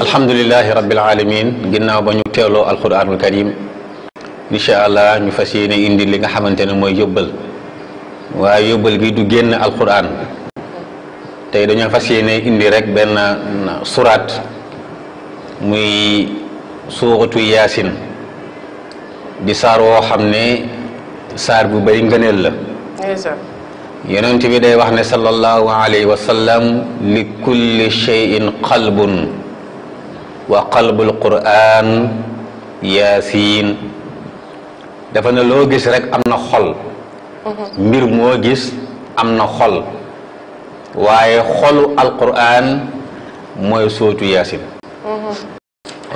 alhamdulilahi rabbil alamin ginnaaw ba ñu teewloo alquranul karim incha allah ñu fas yéene indi li nga xamante ne mooy yóbbal waaye yóbbal gi du génn alquran tey dañoo fas yéene indi rek benn suraat muy suuratu yaasin di saar woo xam ne saar bu bari ngëneel la yonent bi day wax ne sallallahu alayhi wa sallam li kulli cheyin qalbun wa qalbul quran yaasiin dafa ne loo gis rek am na xol mm-hmm. mbir moo gis am na xol waaye xolu alquran mooy sootu yaasin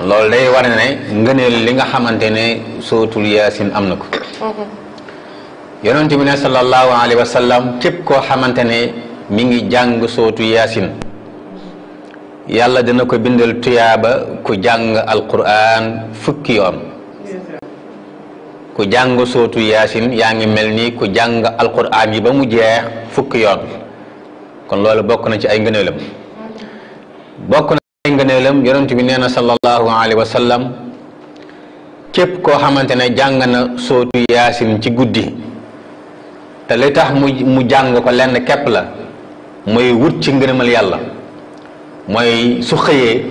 lool day wane ne ngëneel li nga xamante ne sootul yasin am na ko mhm. yonent bi ne sallallahu alayhi wa sallam képp koo xamante ne mi ngi jàng sootu yasin yàlla dina ko bindal tuyaaba ku jàng alquran fukki yoon ku jàng sootu yaasin yaa ngi mel nii ku jàng alquran yi ba mu jeex fukki yoon kon loolu bokk na ci ay ngëneelam mhm. bokk na ngëneelam yonent bi nee na sallallahu alayhi wa sallam képp koo xamante ne jàng na sootu yaasin ci guddi te li tax mu jàng ko lenn képp la mooy wut ci ngërëmal yàlla mooy su xëyee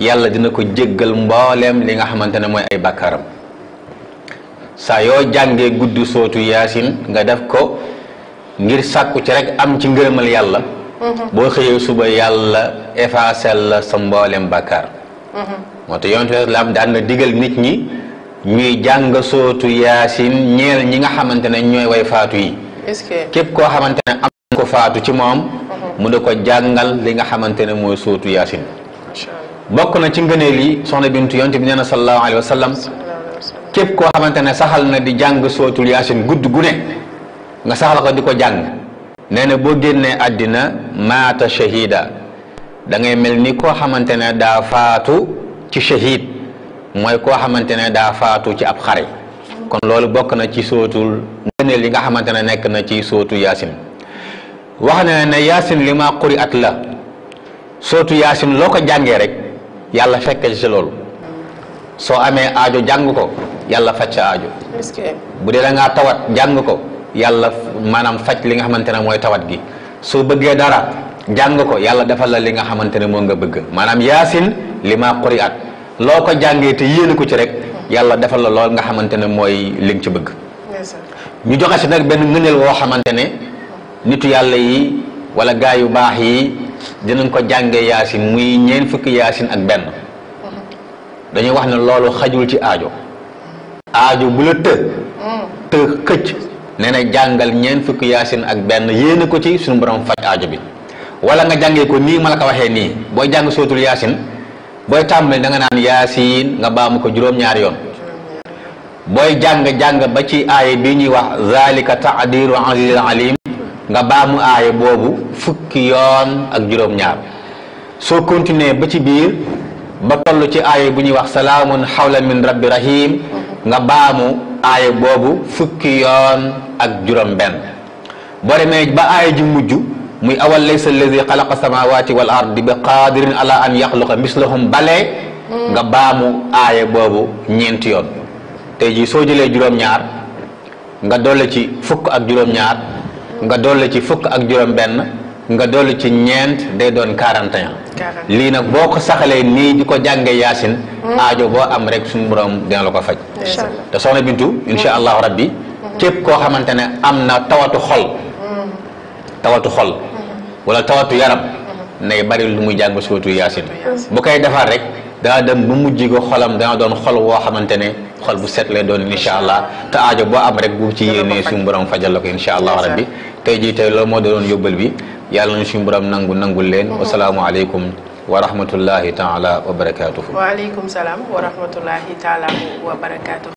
yàlla dina ko jéggal mbooleem li nga xamante ne mooy ay bàkkaaram saa yoo jàngee guddi sootu yaasin nga def ko ngir sàkku ci rek am ci ngërëmal yàlla boo xëyee suba yàlla effacé la sa mboolem bàkkaar moo tax yonent islam daan na digal nit ñi ñuy jàng sootu yaasin ñeel ñi nga xamante ne ñooy way faatu yi képp koo xamante ne am ko faatu ci moom mhm. mu da ko jàngal li nga xamante ne mooy sootu yaasin bokk na ci ngëneel lii soxna bintu yonent bi nee na sallallahu alayhi wa sallam képp koo xamante ne saxal na di jàng sootul yaasin gudd gu ne nga saxal ko di ko jàng nee na boo génnee àddina maata shahida da ngay mel ni koo xamante ne daa faatu ci shahid mooy koo xamante ne daa faatu ci ab xare kon loolu bokk na ci sootul ngëneel yi nga xamante ne nekk na ci sootu yaasin wax na ne yaasin li quri at la sootu yaasin loo ko jàngee rek yàlla fekk ci lool soo amee aajo jàng ko yàlla faj sa aajo bu dee da ngaa tawat jàng ko yàlla maanaam faj li nga xamante ne mooy tawat gi soo bëggee dara jàng ko yàlla defal la li nga xamante ne moo nga bëgg maanaam yaasin li maa quri at loo ko jàngee te yéene ko ci rek yàlla defal la lool nga xamante ne mooy li nga ci bëgg ñu joxe si nag benn ngëneel woo xamante ne nitu yàlla yi wala gaa yu baax yi dinañ ko jàngee yaasin muy ñeen fukki yaasin ak benn dañuy wax ne loolu xajul ci aajo aajo bu la të të xëcc nee jàngal ñeent fukki yaasin ak benn yéene ko ci suñu borom faj aajo bi wala nga jàngee ko nii ma la ko waxee nii booy jàng sootul yaasin booy tàmbali da nga naan yaasin nga baamu ko juróom ñaar yoon booy jàng-jàng ba ci aaya bi ñuy wax zalika taadiru azizil alim nga baamu aay boobu fukki yoon ak juróom-ñaar soo continuer ba ci biir ba toll ci aaya bu ñuy wax salaamun xawla min rabbi rahim nga baamu aaya boobu fukki yoon ak juróom benn boo demee ba aaya ji mujj muy awal laysa alladi xalaqa samawati wal ardi bi qaadirin ala an yaxluqa mislahum balee nga baamu aaya boobu ñeenti yoon tey jii soo jëlee juróom-ñaar nga dolli ci fukk ak juróom-ñaar nga dolli ci fukk ak juróom benn nga dolli ci ñeent day doon 41 lii nag boo ko saxalee nii di ko jàngee yaasin hmm. aajo boo am rek suñu borom dina la ko faj te soxna bintu insha allahu bi hmm. képp koo xamante ne am na tawatu xol hmm. tawatu xol wala tawatu yaram nay bari lu muy jàng suratu yaasin bu koy defar rek daa dem ba mujj ko xolam dana doon xol woo xamante ne xol bu set lay doon incha allah te ajo boo am rek bu ci yéenee suñu borom fajal la ko incha allah rabbi tey jii tey loolu moo doon yóbbal bi yàlla nañu suñu borom nangu leen. wasalaamualeykum wa rahmatullahi taala wa barakaatuhu. waaleykum salaam wa rahmatullahi taala